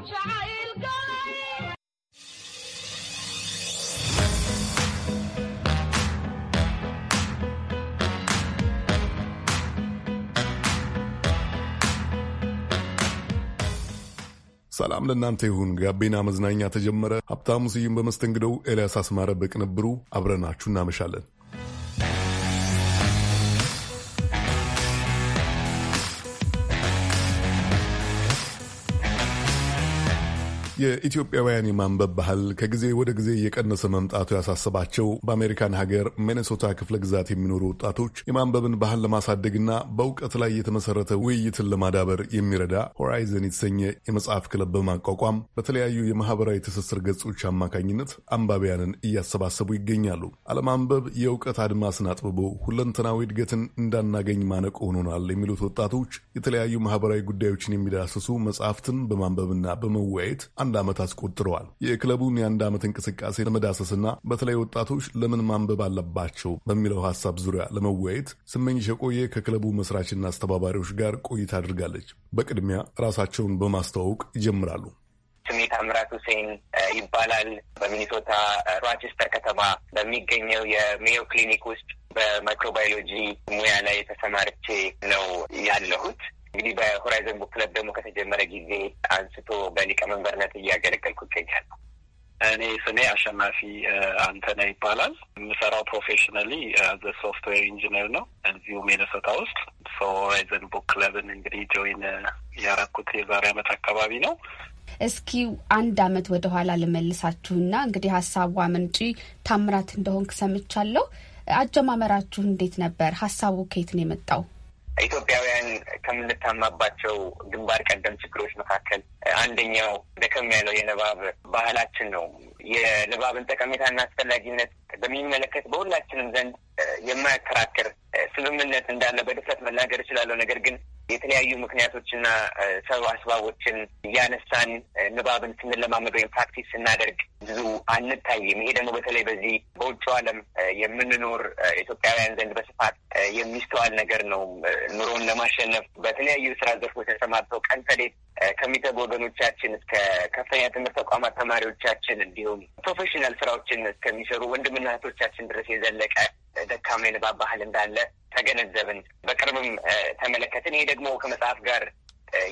ሰላም ለእናንተ ይሁን። ጋቢና መዝናኛ ተጀመረ። ሀብታሙ ስዩም በመስተንግደው፣ ኤልያስ አስማረ በቅንብሩ አብረናችሁ እናመሻለን። የኢትዮጵያውያን የማንበብ ባህል ከጊዜ ወደ ጊዜ እየቀነሰ መምጣቱ ያሳሰባቸው በአሜሪካን ሀገር ሚኔሶታ ክፍለ ግዛት የሚኖሩ ወጣቶች የማንበብን ባህል ለማሳደግና በእውቀት ላይ የተመሰረተ ውይይትን ለማዳበር የሚረዳ ሆራይዘን የተሰኘ የመጽሐፍ ክለብ በማቋቋም በተለያዩ የማህበራዊ ትስስር ገጾች አማካኝነት አንባቢያንን እያሰባሰቡ ይገኛሉ። አለማንበብ የእውቀት አድማስን አጥብቦ ሁለንተናዊ እድገትን እንዳናገኝ ማነቅ ሆኖናል የሚሉት ወጣቶች የተለያዩ ማህበራዊ ጉዳዮችን የሚዳስሱ መጽሐፍትን በማንበብና በመወያየት አንድ ዓመት አስቆጥረዋል። የክለቡን የአንድ ዓመት እንቅስቃሴ ለመዳሰስና በተለይ ወጣቶች ለምን ማንበብ አለባቸው በሚለው ሀሳብ ዙሪያ ለመወያየት ስመኝሽ የቆየ ከክለቡ መስራችና አስተባባሪዎች ጋር ቆይታ አድርጋለች። በቅድሚያ ራሳቸውን በማስተዋወቅ ይጀምራሉ። ስሜ ታምራት ሁሴን ይባላል። በሚኒሶታ ሮቸስተር ከተማ በሚገኘው የሜዮ ክሊኒክ ውስጥ በማይክሮባዮሎጂ ሙያ ላይ ተሰማርቼ ነው ያለሁት። እንግዲህ በሆራይዘን ቡክ ክለብ ደግሞ ከተጀመረ ጊዜ አንስቶ በሊቀመንበርነት እያገለገልኩ ይገኛለሁ። እኔ ስሜ አሸናፊ አንተነ ይባላል። የምሰራው ፕሮፌሽናሊ ዘ ሶፍትዌር ኢንጂነር ነው እዚሁ ሚነሶታ ውስጥ። ሆራይዘን ቡክ ክለብን እንግዲህ ጆይን ያረኩት የዛሬ አመት አካባቢ ነው። እስኪ አንድ አመት ወደ ኋላ ልመልሳችሁና እንግዲህ ሀሳቡ አመንጪ ታምራት እንደሆንክ ሰምቻለሁ። አጀማመራችሁ እንዴት ነበር? ሀሳቡ ከየት ነው የመጣው? ኢትዮጵያውያን ከምንታማባቸው ግንባር ቀደም ችግሮች መካከል አንደኛው ደከም ያለው የንባብ ባህላችን ነው። የንባብን ጠቀሜታና አስፈላጊነት በሚመለከት በሁላችንም ዘንድ የማያከራክር ስምምነት እንዳለ በድፍረት መናገር እችላለሁ። ነገር ግን የተለያዩ ምክንያቶችና ሰብ አስባቦችን እያነሳን ንባብን ስንለማመድ ወይም ፕራክቲስ ስናደርግ ብዙ አንታይም። ይሄ ደግሞ በተለይ በዚህ በውጭ ዓለም የምንኖር ኢትዮጵያውያን ዘንድ በስፋት የሚስተዋል ነገር ነው። ኑሮን ለማሸነፍ በተለያዩ ስራ ዘርፎች ተሰማርተው ቀን ከሌት ከሚተጉ ወገኖቻችን እስከ ከፍተኛ ትምህርት ተቋማት ተማሪዎቻችን፣ እንዲሁም ፕሮፌሽናል ስራዎችን እስከሚሰሩ ወንድም ወንድምና ድረስ የዘለቀ ደካማ የንባብ ባህል እንዳለ ተገነዘብን፣ በቅርብም ተመለከትን። ይሄ ደግሞ ከመጽሐፍ ጋር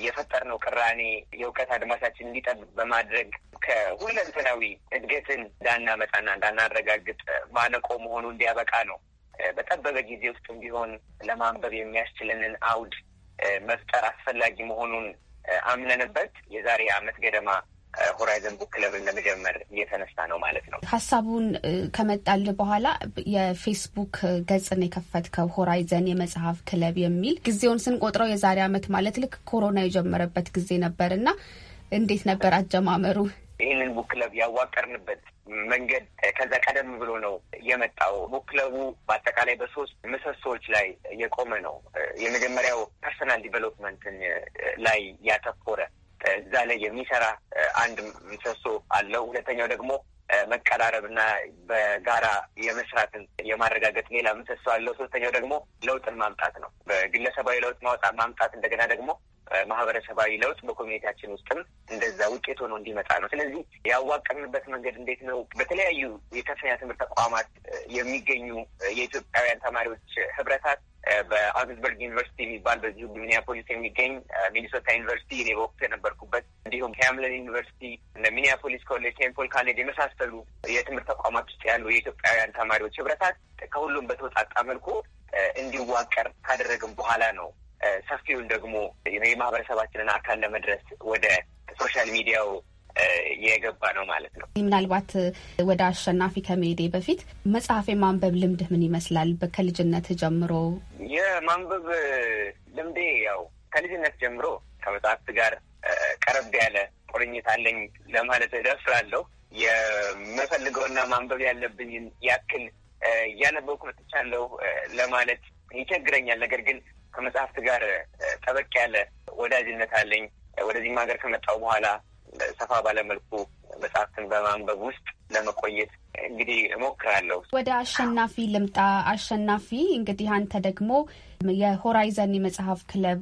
የፈጠርነው ቅራኔ የእውቀት አድማሳችን እንዲጠብ በማድረግ ከሁለንተናዊ እድገትን እንዳናመጣና እንዳናረጋግጥ ማነቆ መሆኑ እንዲያበቃ ነው። በጠበበ ጊዜ ውስጥም ቢሆን ለማንበብ የሚያስችልንን አውድ መፍጠር አስፈላጊ መሆኑን አምነንበት የዛሬ ዓመት ገደማ ሆራይዘን ቡክ ክለብን ለመጀመር እየተነሳ ነው ማለት ነው። ሀሳቡን ከመጣል በኋላ የፌስቡክ ገጽን የከፈትከው ሆራይዘን የመጽሐፍ ክለብ የሚል ጊዜውን ስንቆጥረው የዛሬ አመት ማለት ልክ ኮሮና የጀመረበት ጊዜ ነበር እና እንዴት ነበር አጀማመሩ? ይህንን ቡክ ክለብ ያዋቀርንበት መንገድ ከዛ ቀደም ብሎ ነው የመጣው። ቡክ ክለቡ በአጠቃላይ በሶስት ምሰሶዎች ላይ የቆመ ነው። የመጀመሪያው ፐርሰናል ዲቨሎፕመንትን ላይ ያተኮረ እዛ ላይ የሚሰራ አንድ ምሰሶ አለው። ሁለተኛው ደግሞ መቀራረብና በጋራ የመስራትን የማረጋገጥ ሌላ ምሰሶ አለው። ሶስተኛው ደግሞ ለውጥን ማምጣት ነው። በግለሰባዊ ለውጥ ማውጣት ማምጣት እንደገና ደግሞ ማህበረሰባዊ ለውጥ በኮሚኒቲያችን ውስጥም እንደዛ ውጤት ሆኖ እንዲመጣ ነው። ስለዚህ ያዋቀርንበት መንገድ እንዴት ነው? በተለያዩ የከፍተኛ ትምህርት ተቋማት የሚገኙ የኢትዮጵያውያን ተማሪዎች ህብረታት በአውግስበርግ ዩኒቨርሲቲ የሚባል በዚሁ ሚኒያፖሊስ የሚገኝ ሚኒሶታ ዩኒቨርሲቲ እኔ በወቅቱ የነበርኩበት እንዲሁም ካምለን ዩኒቨርሲቲ እነ ሚኒያፖሊስ ኮሌጅ፣ ቴምፖል ካሌጅ የመሳሰሉ የትምህርት ተቋማት ውስጥ ያሉ የኢትዮጵያውያን ተማሪዎች ህብረታት ከሁሉም በተወጣጣ መልኩ እንዲዋቀር ካደረግም በኋላ ነው ሰፊውን ደግሞ የማህበረሰባችንን አካል ለመድረስ ወደ ሶሻል ሚዲያው የገባ ነው ማለት ነው። ምናልባት ወደ አሸናፊ ከመሄዴ በፊት መጽሐፍ የማንበብ ልምድህ ምን ይመስላል? ከልጅነት ጀምሮ የማንበብ ልምዴ ያው ከልጅነት ጀምሮ ከመጽሐፍት ጋር ቀረብ ያለ ቁርኝት አለኝ ለማለት እደፍራለሁ። የምፈልገውና ማንበብ ያለብኝን ያክል እያነበብኩ መጥቻለሁ ለማለት ይቸግረኛል። ነገር ግን ከመጽሐፍት ጋር ጠበቅ ያለ ወዳጅነት አለኝ። ወደዚህም ሀገር ከመጣሁ በኋላ ሰፋ ባለመልኩ መጽሐፍትን በማንበብ ውስጥ ለመቆየት እንግዲህ እሞክራለሁ። ወደ አሸናፊ ልምጣ። አሸናፊ እንግዲህ አንተ ደግሞ የሆራይዘን የመጽሐፍ ክለብ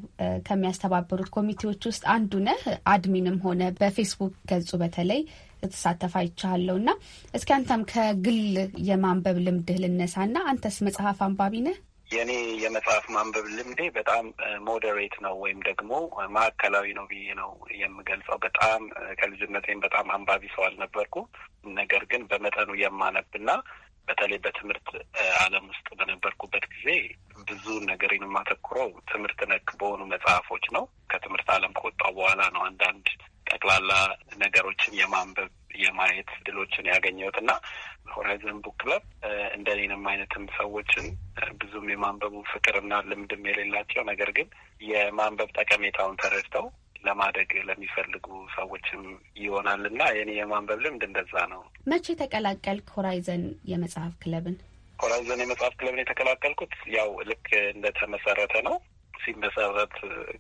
ከሚያስተባበሩት ኮሚቴዎች ውስጥ አንዱ ነህ። አድሚንም ሆነ በፌስቡክ ገጹ በተለይ ስትሳተፍ አይቻለሁ እና እስኪ አንተም ከግል የማንበብ ልምድህ ልነሳ እና አንተስ መጽሐፍ አንባቢ ነህ? የኔ የመጽሐፍ ማንበብ ልምዴ በጣም ሞዴሬት ነው ወይም ደግሞ ማዕከላዊ ነው ብዬ ነው የምገልጸው። በጣም ከልጅነቴም በጣም አንባቢ ሰው አልነበርኩ። ነገር ግን በመጠኑ የማነብና በተለይ በትምህርት ዓለም ውስጥ በነበርኩበት ጊዜ ብዙ ነገሬን የማተኩረው ትምህርት ነክ በሆኑ መጽሐፎች ነው። ከትምህርት ዓለም ከወጣው በኋላ ነው አንዳንድ ጠቅላላ ነገሮችን የማንበብ የማየት ድሎችን ያገኘሁት እና ሆራይዘን ቡክ ክለብ እንደኔንም አይነትም ሰዎችን ብዙም የማንበቡ ፍቅርና ልምድም የሌላቸው ነገር ግን የማንበብ ጠቀሜታውን ተረድተው ለማደግ ለሚፈልጉ ሰዎችም ይሆናል እና የኔ የማንበብ ልምድ እንደዛ ነው። መቼ ተቀላቀልክ ሆራይዘን የመጽሐፍ ክለብን? ሆራይዘን የመጽሐፍ ክለብን የተቀላቀልኩት ያው ልክ እንደተመሰረተ ነው ሲመሰረት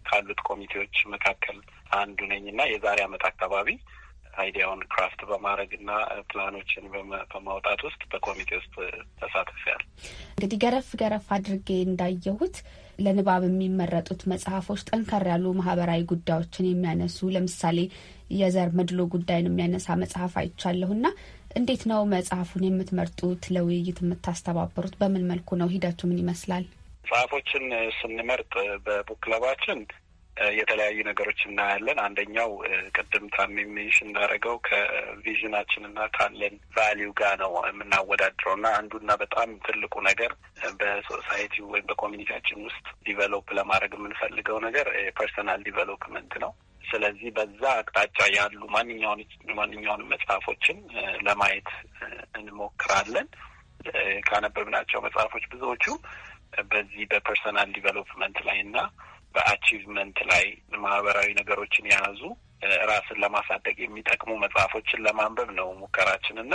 ካሉት ኮሚቴዎች መካከል አንዱ ነኝ እና የዛሬ ዓመት አካባቢ አይዲያውን ክራፍት በማድረግ እና ፕላኖችን በማውጣት ውስጥ በኮሚቴ ውስጥ ተሳትፊያል። እንግዲህ ገረፍ ገረፍ አድርጌ እንዳየሁት ለንባብ የሚመረጡት መጽሐፎች ጠንከር ያሉ ማህበራዊ ጉዳዮችን የሚያነሱ ለምሳሌ የዘር መድሎ ጉዳይን የሚያነሳ መጽሐፍ አይቻለሁ እንዴት ነው መጽሐፉን የምትመርጡት? ለውይይት የምታስተባበሩት? በምን መልኩ ነው ሂደቱ? ምን ይመስላል? መጽሐፎችን ስንመርጥ በቡክለባችን የተለያዩ ነገሮች እናያለን። አንደኛው ቅድም ታሚ ሚሽ እንዳደረገው ከቪዥናችን እና ካለን ቫሊዩ ጋር ነው የምናወዳድረው እና አንዱና በጣም ትልቁ ነገር በሶሳይቲ ወይም በኮሚኒቲያችን ውስጥ ዲቨሎፕ ለማድረግ የምንፈልገው ነገር ፐርሰናል ዲቨሎፕመንት ነው። ስለዚህ በዛ አቅጣጫ ያሉ ማንኛውን ማንኛውንም መጽሐፎችን ለማየት እንሞክራለን። ካነበብናቸው መጽሐፎች ብዙዎቹ በዚህ በፐርሰናል ዲቨሎፕመንት ላይ እና በአቺቭመንት ላይ ማህበራዊ ነገሮችን የያዙ ራስን ለማሳደግ የሚጠቅሙ መጽሐፎችን ለማንበብ ነው ሙከራችን እና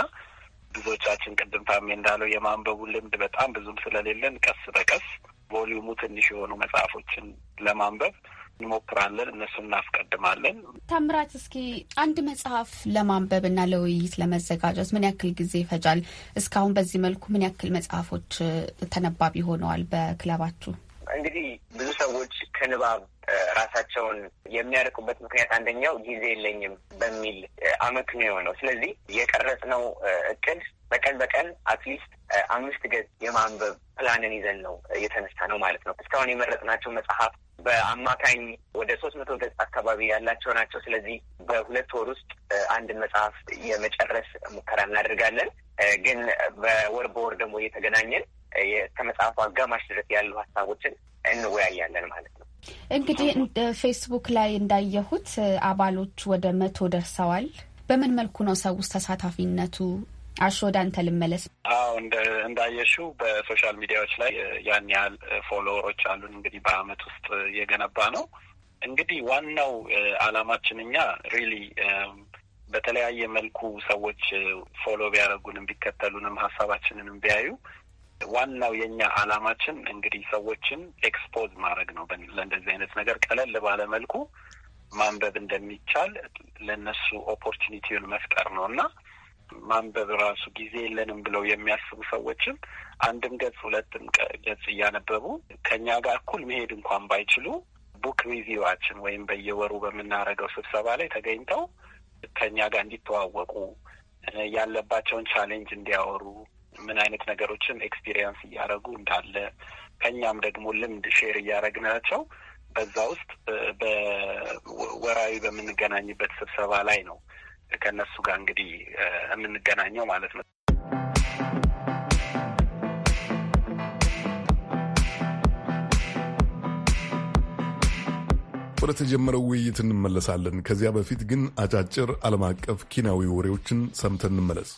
ብዙዎቻችን ቅድም ታሜ እንዳለው የማንበቡን ልምድ በጣም ብዙም ስለሌለን ቀስ በቀስ ቮሊዩሙ ትንሽ የሆኑ መጽሐፎችን ለማንበብ እንሞክራለን፣ እነሱ እናስቀድማለን። ታምራት፣ እስኪ አንድ መጽሐፍ ለማንበብ እና ለውይይት ለመዘጋጀት ምን ያክል ጊዜ ይፈጃል? እስካሁን በዚህ መልኩ ምን ያክል መጽሐፎች ተነባቢ ሆነዋል በክለባችሁ? እንግዲህ ብዙ ሰዎች ከንባብ ራሳቸውን የሚያርቁበት ምክንያት አንደኛው ጊዜ የለኝም በሚል አመክ ነው። ስለዚህ የቀረጽነው እቅድ በቀን በቀን አትሊስት አምስት ገጽ የማንበብ ፕላንን ይዘን ነው እየተነሳ ነው ማለት ነው። እስካሁን የመረጥናቸው መጽሐፍ በአማካኝ ወደ ሶስት መቶ ገጽ አካባቢ ያላቸው ናቸው። ስለዚህ በሁለት ወር ውስጥ አንድ መጽሐፍ የመጨረስ ሙከራ እናደርጋለን። ግን በወር በወር ደግሞ እየተገናኘን ከመጽሐፉ አጋማሽ ድረስ ያሉ ሀሳቦችን እንወያያለን ማለት ነው። እንግዲህ ፌስቡክ ላይ እንዳየሁት አባሎች ወደ መቶ ደርሰዋል። በምን መልኩ ነው ሰው ውስጥ ተሳታፊነቱ አሾ ወደ አንተ ልመለስ። አዎ እንዳየሽው በሶሻል ሚዲያዎች ላይ ያን ያህል ፎሎወሮች አሉን እንግዲህ በአመት ውስጥ የገነባ ነው። እንግዲህ ዋናው አላማችን እኛ ሪሊ በተለያየ መልኩ ሰዎች ፎሎ ቢያደርጉንም ቢከተሉንም ሀሳባችንንም ቢያዩ ዋናው የእኛ አላማችን እንግዲህ ሰዎችን ኤክስፖዝ ማድረግ ነው። ለእንደዚህ አይነት ነገር ቀለል ባለ መልኩ ማንበብ እንደሚቻል ለእነሱ ኦፖርቹኒቲውን መፍጠር ነው እና ማንበብ ራሱ ጊዜ የለንም ብለው የሚያስቡ ሰዎችም አንድም ገጽ ሁለትም ገጽ እያነበቡ ከእኛ ጋር እኩል መሄድ እንኳን ባይችሉ ቡክ ሪቪዋችን ወይም በየወሩ በምናደርገው ስብሰባ ላይ ተገኝተው ከእኛ ጋር እንዲተዋወቁ ያለባቸውን ቻሌንጅ እንዲያወሩ ምን አይነት ነገሮችን ኤክስፒሪየንስ እያደረጉ እንዳለ ከእኛም ደግሞ ልምድ ሼር እያደረግናቸው በዛ ውስጥ በወራዊ በምንገናኝበት ስብሰባ ላይ ነው ከእነሱ ጋር እንግዲህ የምንገናኘው ማለት ነው። ወደ ተጀመረው ውይይት እንመለሳለን። ከዚያ በፊት ግን አጫጭር ዓለም አቀፍ ኪናዊ ወሬዎችን ሰምተን እንመለስ።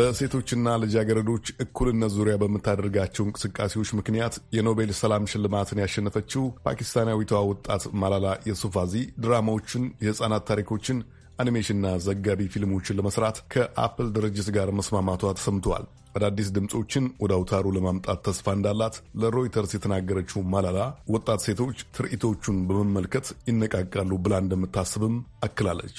በሴቶችና ልጃገረዶች እኩልነት ዙሪያ በምታደርጋቸው እንቅስቃሴዎች ምክንያት የኖቤል ሰላም ሽልማትን ያሸነፈችው ፓኪስታናዊቷ ወጣት ማላላ የሱፋዚ ድራማዎችን፣ የሕፃናት ታሪኮችን አኒሜሽንና ዘጋቢ ፊልሞችን ለመስራት ከአፕል ድርጅት ጋር መስማማቷ ተሰምተዋል። አዳዲስ ድምፆችን ወደ አውታሩ ለማምጣት ተስፋ እንዳላት ለሮይተርስ የተናገረችው ማላላ ወጣት ሴቶች ትርኢቶቹን በመመልከት ይነቃቃሉ ብላ እንደምታስብም አክላለች።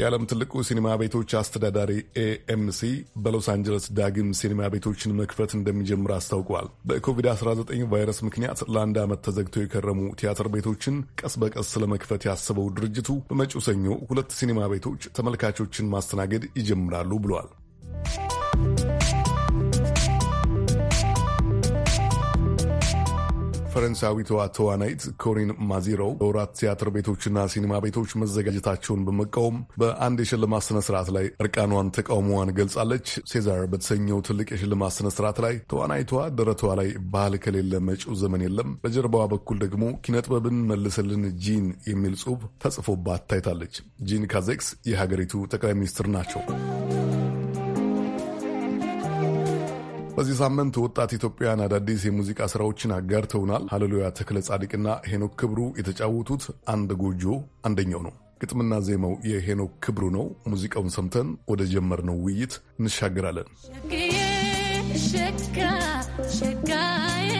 የዓለም ትልቁ ሲኒማ ቤቶች አስተዳዳሪ ኤኤምሲ በሎስ አንጀለስ ዳግም ሲኒማ ቤቶችን መክፈት እንደሚጀምር አስታውቋል። በኮቪድ-19 ቫይረስ ምክንያት ለአንድ ዓመት ተዘግተው የከረሙ ቲያትር ቤቶችን ቀስ በቀስ ለመክፈት ያስበው ድርጅቱ በመጪው ሰኞ ሁለት ሲኒማ ቤቶች ተመልካቾችን ማስተናገድ ይጀምራሉ ብሏል። ፈረንሳዊቷ ተዋናይት ኮሪን ማዚሮ በወራት ቲያትር ቤቶችና ሲኒማ ቤቶች መዘጋጀታቸውን በመቃወም በአንድ የሽልማት ስነስርዓት ላይ እርቃኗን ተቃውሞዋን ገልጻለች። ሴዛር በተሰኘው ትልቅ የሽልማት ስነስርዓት ላይ ተዋናይቷ ደረቷ ላይ ባህል ከሌለ መጪው ዘመን የለም፣ በጀርባዋ በኩል ደግሞ ኪነጥበብን መልስልን ጂን የሚል ጽሑፍ ተጽፎባት ታይታለች። ጂን ካዜክስ የሀገሪቱ ጠቅላይ ሚኒስትር ናቸው። በዚህ ሳምንት ወጣት ኢትዮጵያውያን አዳዲስ የሙዚቃ ስራዎችን አጋርተውናል። ሀሌሉያ ተክለ ጻድቅና ሄኖክ ክብሩ የተጫወቱት አንድ ጎጆ አንደኛው ነው። ግጥምና ዜማው የሄኖክ ክብሩ ነው። ሙዚቃውን ሰምተን ወደ ጀመርነው ውይይት እንሻገራለን። ሸጋዬ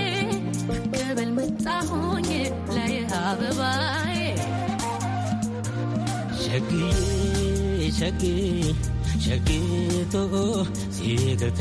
መጣሁኝ ላይ አበባዬ ሸጌ ሸጌ ሸጌቶ ሲቅርት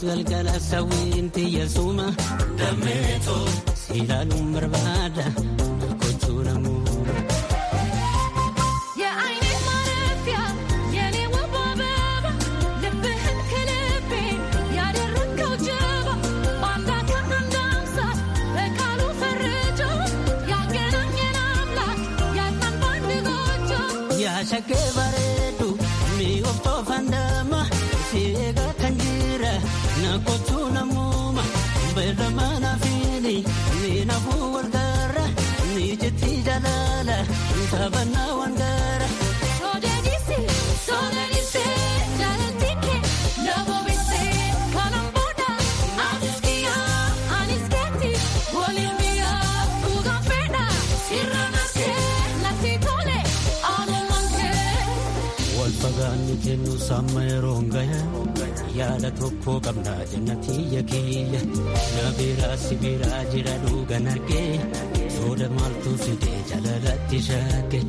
Galgala sawinti yasuma dameto silalum barbada bakkee bareedu mi'oof toofan dama fi eegaa kan jira naakkotu namuuma beela mana fiini mi'inafu walgarra mi'ijjiti jalaala taphannaa. Mijeenu saama yeroo ngaya yaada tokko qabna jannatii kiyya Nabiraa sibiraa jira dhuga nagee sooda maaltu fidee jalalatti shaake.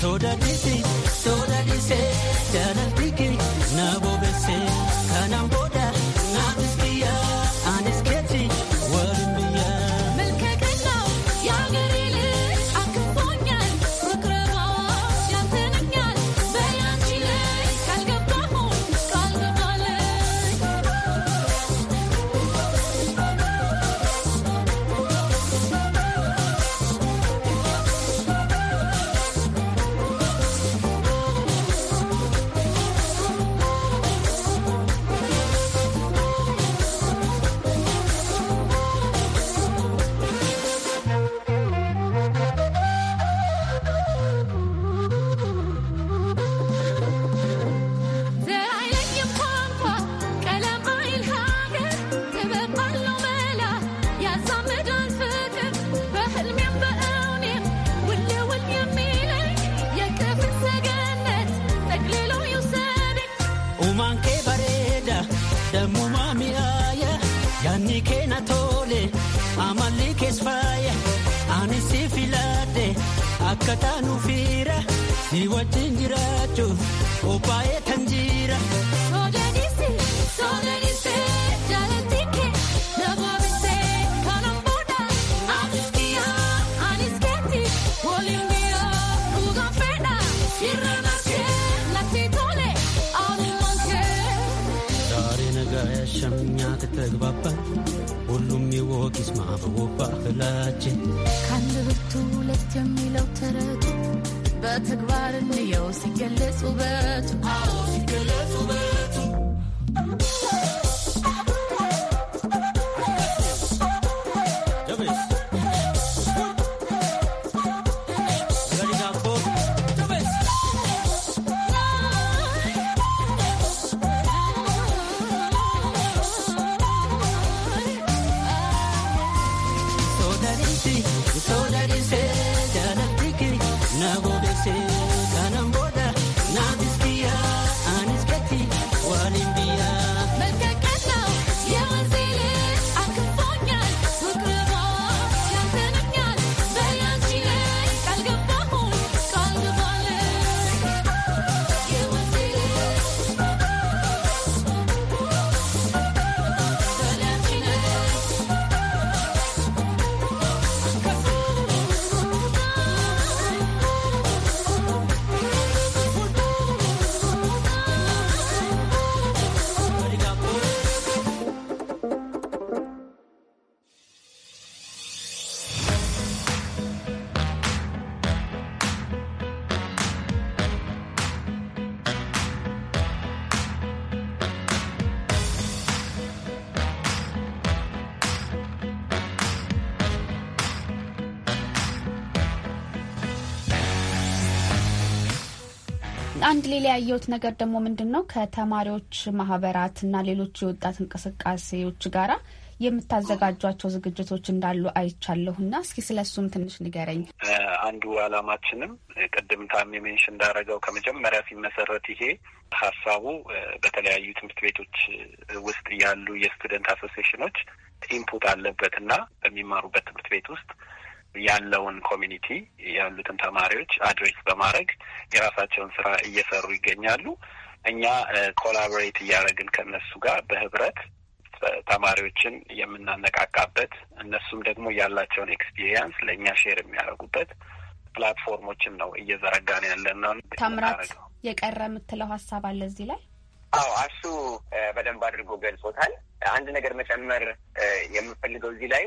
Sooda dhisi sooda dhise jalalti kiri na bobeesse kanaan booda. በተግባር እንየው ሲገለጽ ውበቱ ሲገለጽ ውበቱ በሌላ ያየሁት ነገር ደግሞ ምንድን ነው ከተማሪዎች ማህበራት እና ሌሎች የወጣት እንቅስቃሴዎች ጋራ የምታዘጋጇቸው ዝግጅቶች እንዳሉ አይቻለሁና እስኪ ስለ እሱም ትንሽ ንገረኝ። አንዱ አላማችንም ቅድም ታሚ ሜንሽ እንዳረገው ከመጀመሪያ ሲመሰረት ይሄ ሀሳቡ በተለያዩ ትምህርት ቤቶች ውስጥ ያሉ የስቱደንት አሶሴሽኖች ኢንፑት አለበት እና በሚማሩበት ትምህርት ቤት ውስጥ ያለውን ኮሚኒቲ ያሉትን ተማሪዎች አድሬስ በማድረግ የራሳቸውን ስራ እየሰሩ ይገኛሉ። እኛ ኮላቦሬት እያደረግን ከነሱ ጋር በህብረት ተማሪዎችን የምናነቃቃበት እነሱም ደግሞ ያላቸውን ኤክስፒሪየንስ ለእኛ ሼር የሚያደርጉበት ፕላትፎርሞችን ነው እየዘረጋን ያለን ነው። ታምራት የቀረ የምትለው ሀሳብ አለ እዚህ ላይ? አዎ አሹ በደንብ አድርጎ ገልጾታል። አንድ ነገር መጨመር የምፈልገው እዚህ ላይ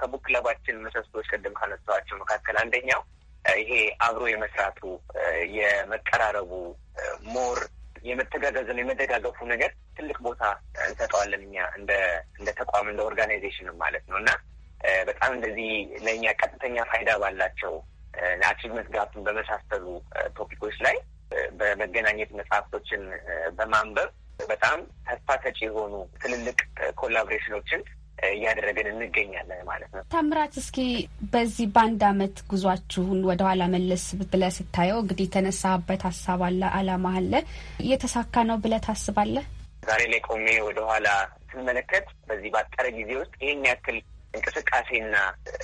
ከቡክ ክለባችን ምሰሶዎች ቅድም ካነሳኋቸው መካከል አንደኛው ይሄ አብሮ የመስራቱ የመቀራረቡ፣ ሞር ነው የመደጋገፉ ነገር ትልቅ ቦታ እንሰጠዋለን እኛ እንደ ተቋም እንደ ኦርጋናይዜሽንም ማለት ነው እና በጣም እንደዚህ ለእኛ ቀጥተኛ ፋይዳ ባላቸው ለአቺቭመንት ጋፕን በመሳሰሉ ቶፒኮች ላይ በመገናኘት መጽሐፍቶችን በማንበብ በጣም ተስፋ ሰጪ የሆኑ ትልልቅ ኮላቦሬሽኖችን እያደረግን እንገኛለን ማለት ነው። ታምራት፣ እስኪ በዚህ በአንድ አመት ጉዟችሁን ወደኋላ መለስ ብለህ ስታየው እንግዲህ የተነሳበት ሀሳብ አለ፣ አላማ አለ፣ እየተሳካ ነው ብለህ ታስባለህ? ዛሬ ላይ ቆሜ ወደኋላ ስንመለከት በዚህ ባጠረ ጊዜ ውስጥ ይህን ያክል እንቅስቃሴና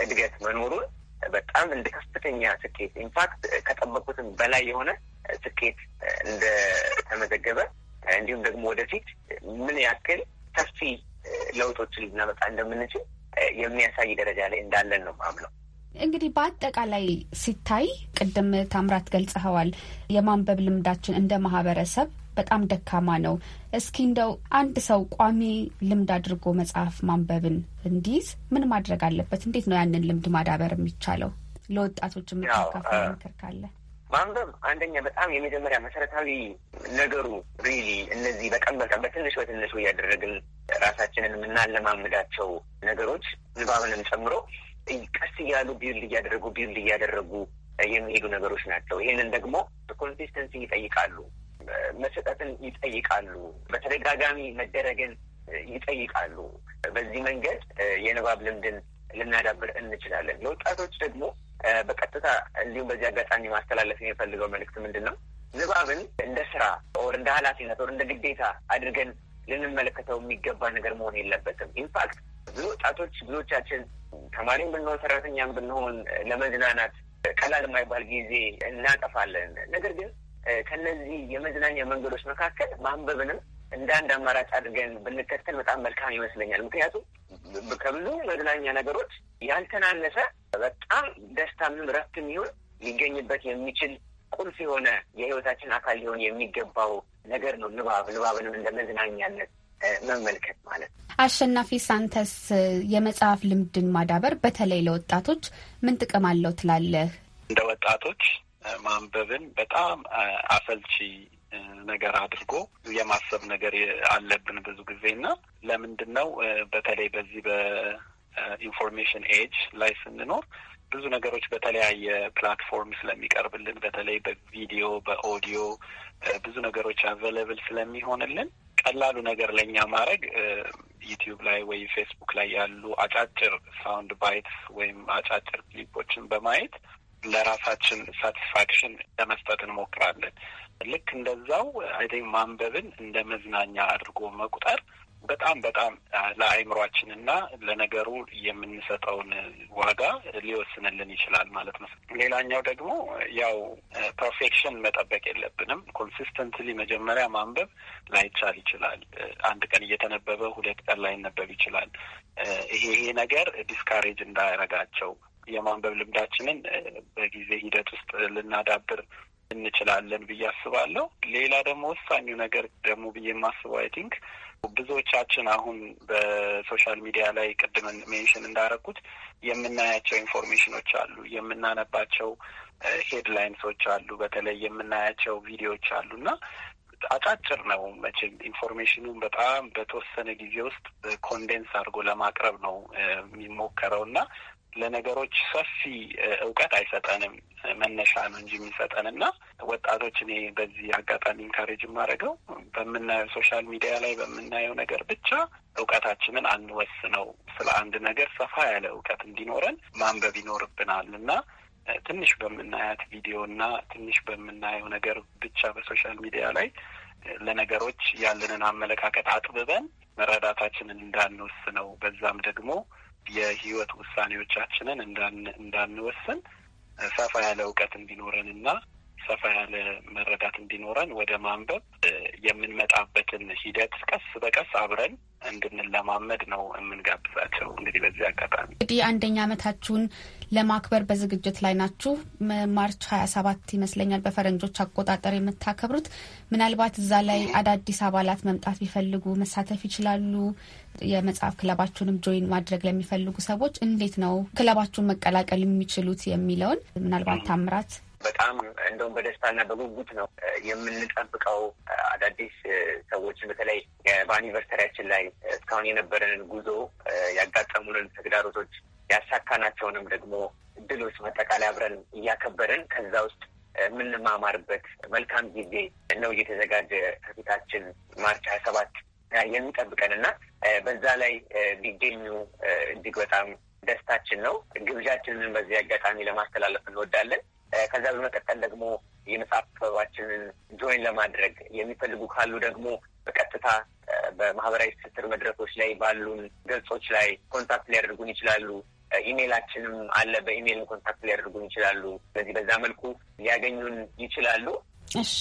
እድገት መኖሩን በጣም እንደ ከፍተኛ ስኬት ኢንፋክት ከጠበቁትም በላይ የሆነ ስኬት እንደተመዘገበ እንዲሁም ደግሞ ወደፊት ምን ያክል ሰፊ ለውጦችን ልናመጣ እንደምንችል የሚያሳይ ደረጃ ላይ እንዳለን ነው ማምነው። እንግዲህ በአጠቃላይ ሲታይ ቅድም ታምራት ገልጸኸዋል፣ የማንበብ ልምዳችን እንደ ማህበረሰብ በጣም ደካማ ነው። እስኪ እንደው አንድ ሰው ቋሚ ልምድ አድርጎ መጽሐፍ ማንበብን እንዲይዝ ምን ማድረግ አለበት? እንዴት ነው ያንን ልምድ ማዳበር የሚቻለው? ለወጣቶች የምታካፍ ምክር ካለ? ማንበብ አንደኛ በጣም የመጀመሪያ መሰረታዊ ነገሩ ሪሊ እነዚህ በቀን በቀን በትንሽ በትንሹ እያደረግን ራሳችንን የምናለማምዳቸው ነገሮች ንባብንም ጨምሮ ቀስ እያሉ ቢውል እያደረጉ ቢውል እያደረጉ የሚሄዱ ነገሮች ናቸው። ይህንን ደግሞ ኮንሲስተንሲ ይጠይቃሉ። መሰጠትን ይጠይቃሉ። በተደጋጋሚ መደረግን ይጠይቃሉ። በዚህ መንገድ የንባብ ልምድን ልናዳብር እንችላለን። ለወጣቶች ደግሞ በቀጥታ እንዲሁም በዚህ አጋጣሚ ማስተላለፍ የሚፈልገው መልእክት ምንድን ነው? ንባብን እንደ ስራ ኦር እንደ ኃላፊነት ኦር እንደ ግዴታ አድርገን ልንመለከተው የሚገባ ነገር መሆን የለበትም። ኢንፋክት ብዙ ወጣቶች ብዙዎቻችን ተማሪም ብንሆን ሰራተኛም ብንሆን ለመዝናናት ቀላል የማይባል ጊዜ እናጠፋለን። ነገር ግን ከነዚህ የመዝናኛ መንገዶች መካከል ማንበብንም እንደ አንድ አማራጭ አድርገን ብንከተል በጣም መልካም ይመስለኛል። ምክንያቱም ከብዙ መዝናኛ ነገሮች ያልተናነሰ በጣም ደስታም እረፍት ይሁን ሊገኝበት የሚችል ቁልፍ የሆነ የህይወታችን አካል ሊሆን የሚገባው ነገር ነው። ንባብ ንባብንም እንደ መዝናኛነት መመልከት ማለት ነው። አሸናፊ ሳንተስ የመጽሐፍ ልምድን ማዳበር በተለይ ለወጣቶች ምን ጥቅም አለው ትላለህ? እንደ ወጣቶች ማንበብን በጣም አሰልቺ ነገር አድርጎ የማሰብ ነገር አለብን ብዙ ጊዜ እና ለምንድን ነው በተለይ በዚህ በኢንፎርሜሽን ኤጅ ላይ ስንኖር ብዙ ነገሮች በተለያየ ፕላትፎርም ስለሚቀርብልን በተለይ በቪዲዮ በኦዲዮ ብዙ ነገሮች አቬለብል ስለሚሆንልን ቀላሉ ነገር ለእኛ ማድረግ ዩቲዩብ ላይ ወይ ፌስቡክ ላይ ያሉ አጫጭር ሳውንድ ባይትስ ወይም አጫጭር ክሊፖችን በማየት ለራሳችን ሳቲስፋክሽን ለመስጠት እንሞክራለን። ልክ እንደዛው አይ ቲንክ ማንበብን እንደ መዝናኛ አድርጎ መቁጠር በጣም በጣም ለአእምሯችን እና ለነገሩ የምንሰጠውን ዋጋ ሊወስንልን ይችላል ማለት ነው። ሌላኛው ደግሞ ያው ፐርፌክሽን መጠበቅ የለብንም። ኮንሲስተንትሊ መጀመሪያ ማንበብ ላይቻል ይችላል። አንድ ቀን እየተነበበ ሁለት ቀን ላይነበብ ይችላል። ይሄ ይሄ ነገር ዲስካሬጅ እንዳያረጋቸው የማንበብ ልምዳችንን በጊዜ ሂደት ውስጥ ልናዳብር እንችላለን ብዬ አስባለሁ። ሌላ ደግሞ ወሳኙ ነገር ደግሞ ብዬ የማስበው አይ ቲንክ ብዙዎቻችን አሁን በሶሻል ሚዲያ ላይ ቅድም ሜንሽን እንዳረኩት የምናያቸው ኢንፎርሜሽኖች አሉ፣ የምናነባቸው ሄድላይንሶች አሉ፣ በተለይ የምናያቸው ቪዲዮዎች አሉ እና አጫጭር ነው መቼም ኢንፎርሜሽኑን በጣም በተወሰነ ጊዜ ውስጥ ኮንዴንስ አድርጎ ለማቅረብ ነው የሚሞከረው እና ለነገሮች ሰፊ እውቀት አይሰጠንም። መነሻ ነው እንጂ የሚሰጠን እና ወጣቶች እኔ በዚህ አጋጣሚ ኢንካሬጅ የማደርገው በምናየው ሶሻል ሚዲያ ላይ በምናየው ነገር ብቻ እውቀታችንን አንወስነው። ስለ አንድ ነገር ሰፋ ያለ እውቀት እንዲኖረን ማንበብ ይኖርብናል እና ትንሽ በምናያት ቪዲዮ እና ትንሽ በምናየው ነገር ብቻ በሶሻል ሚዲያ ላይ ለነገሮች ያለንን አመለካከት አጥብበን መረዳታችንን እንዳንወስነው በዛም ደግሞ የህይወት ውሳኔዎቻችንን እንዳንወስን ሰፋ ያለ እውቀት እንዲኖረን እና ሰፋ ያለ መረዳት እንዲኖረን ወደ ማንበብ የምንመጣበትን ሂደት ቀስ በቀስ አብረን እንድንለማመድ ነው የምንጋብዛቸው። እንግዲህ በዚህ አጋጣሚ እንግዲህ አንደኛ ዓመታችሁን ለማክበር በዝግጅት ላይ ናችሁ። ማርች ሀያ ሰባት ይመስለኛል በፈረንጆች አቆጣጠር የምታከብሩት። ምናልባት እዛ ላይ አዳዲስ አባላት መምጣት ቢፈልጉ መሳተፍ ይችላሉ። የመጽሐፍ ክለባችሁንም ጆይን ማድረግ ለሚፈልጉ ሰዎች እንዴት ነው ክለባችሁን መቀላቀል የሚችሉት የሚለውን ምናልባት ታምራት በጣም እንደውም በደስታና በጉጉት ነው የምንጠብቀው። አዳዲስ ሰዎችን በተለይ በአኒቨርሰሪያችን ላይ እስካሁን የነበረንን ጉዞ ያጋጠሙንን ተግዳሮቶች ያሳካናቸውንም ደግሞ እድሎች መጠቃላይ አብረን እያከበርን ከዛ ውስጥ የምንማማርበት መልካም ጊዜ ነው እየተዘጋጀ ከፊታችን ማርች ሀያ ሰባት የሚጠብቀን እና በዛ ላይ ቢገኙ እጅግ በጣም ደስታችን ነው። ግብዣችንን በዚህ አጋጣሚ ለማስተላለፍ እንወዳለን። ከዛ በመቀጠል ደግሞ የመጽሐፍ ክበባችንን ጆይን ለማድረግ የሚፈልጉ ካሉ ደግሞ በቀጥታ በማህበራዊ ትስስር መድረኮች ላይ ባሉን ገጾች ላይ ኮንታክት ሊያደርጉን ይችላሉ። ኢሜይላችንም አለ። በኢሜይልን ኮንታክት ሊያደርጉን ይችላሉ። ስለዚህ በዛ መልኩ ሊያገኙን ይችላሉ። እሺ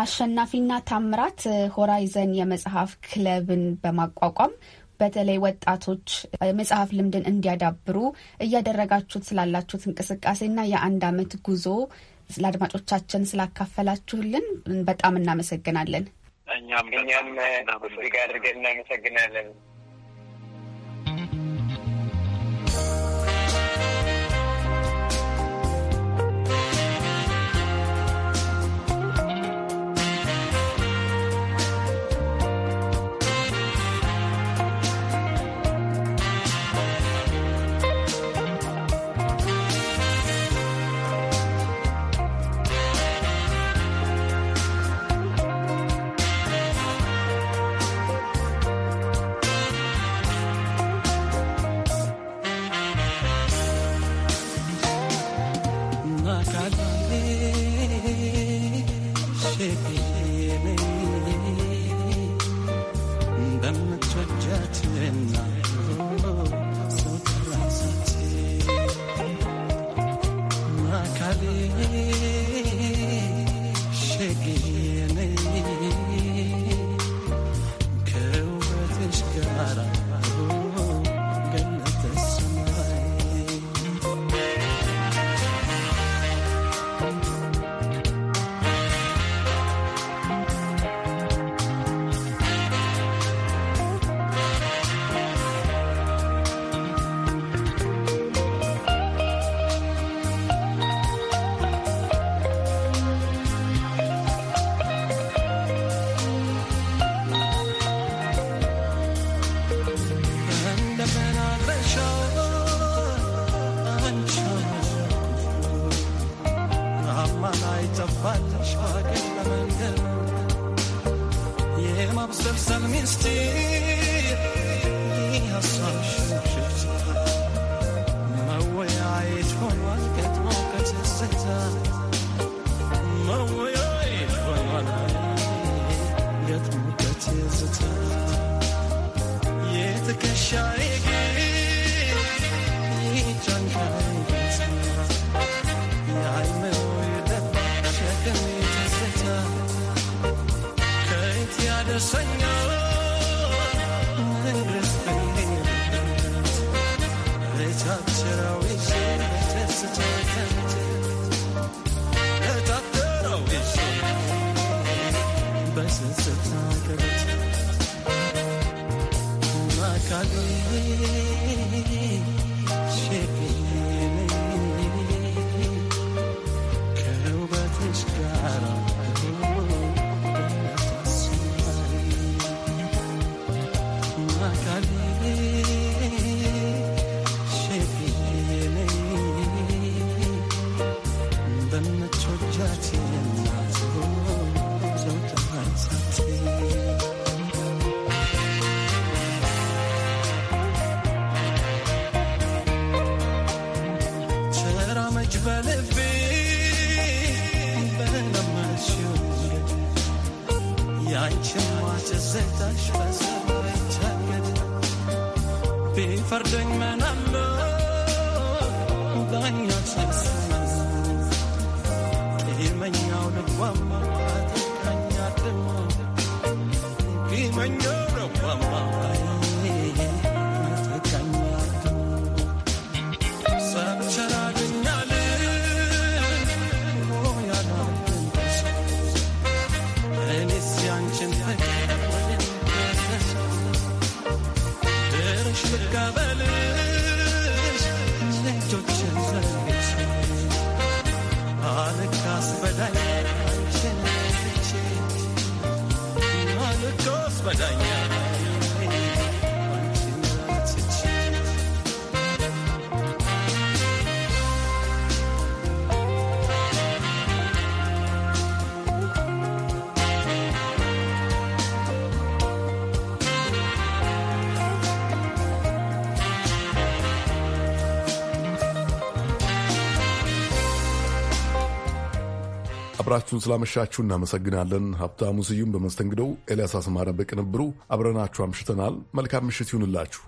አሸናፊና ታምራት ሆራይዘን የመጽሐፍ ክለብን በማቋቋም በተለይ ወጣቶች መጽሐፍ ልምድን እንዲያዳብሩ እያደረጋችሁት ስላላችሁት እንቅስቃሴና የአንድ አመት ጉዞ ለአድማጮቻችን ስላካፈላችሁልን በጣም እናመሰግናለን። እኛም እኛም እዚህ አድርገን እናመሰግናለን። mistakes. አብራችሁን ስላመሻችሁ እናመሰግናለን። ሀብታሙ ስዩም በመስተንግዶው፣ ኤልያስ አስማረ በቅንብሩ አብረናችሁ አምሽተናል። መልካም ምሽት ይሁንላችሁ።